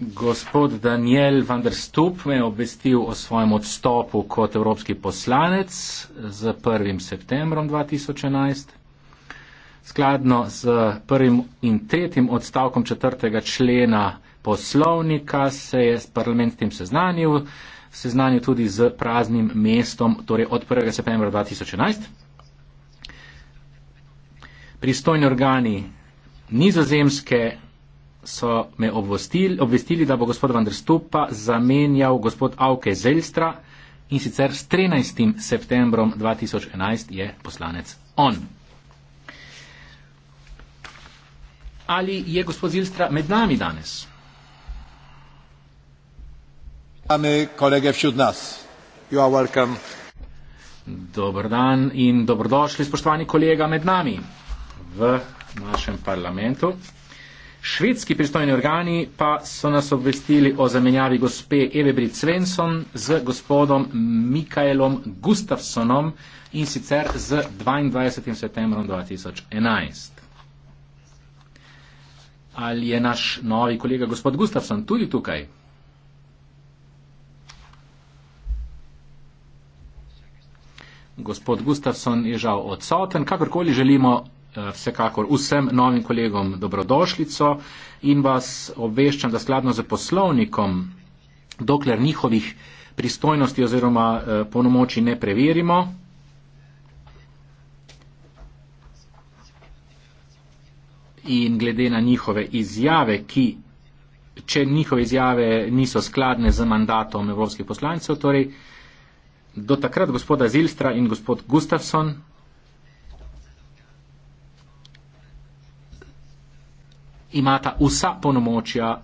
gospod Daniel van der Stup me je obvestil o svojem odstopu kot evropski poslanec z 1. septembrom 2011. Skladno z prvim in tretjim odstavkom četrtega člena poslovnika se je parlament s tem seznanil, seznanil tudi z praznim mestom, torej od 1. septembra 2011. Pristojni organi nizozemske so me obvestili, obvestili da bo gospod Vandrstupa zamenjal gospod Avke Zeljstra in sicer s 13. septembrom 2011 je poslanec on. Ali je gospod Zeljstra med nami danes? Ame kolege všud nas. You are welcome. Dobr dan in dobrodošli, spoštovani kolega, med nami v našem parlamentu. Švedski pristojni organi pa so nas obvestili o zamenjavi gospe Evebrit Svensson z gospodom Mikaelom Gustafsonom in sicer z 22. septembrom 2011. Ali je naš novi kolega gospod Gustafson tudi tukaj? Gospod Gustafson je žal odsoten, kakorkoli želimo Eh, vsekakor vsem novim kolegom dobrodošlico in vas obveščam, da skladno z poslovnikom, dokler njihovih pristojnosti oziroma eh, polnomoči ne preverimo, In glede na njihove izjave, ki, če njihove izjave niso skladne z mandatom evropskih poslancev, torej do takrat gospoda Zilstra in gospod Gustafsson imata vsa ponomočja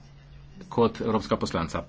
kot evropska poslanca.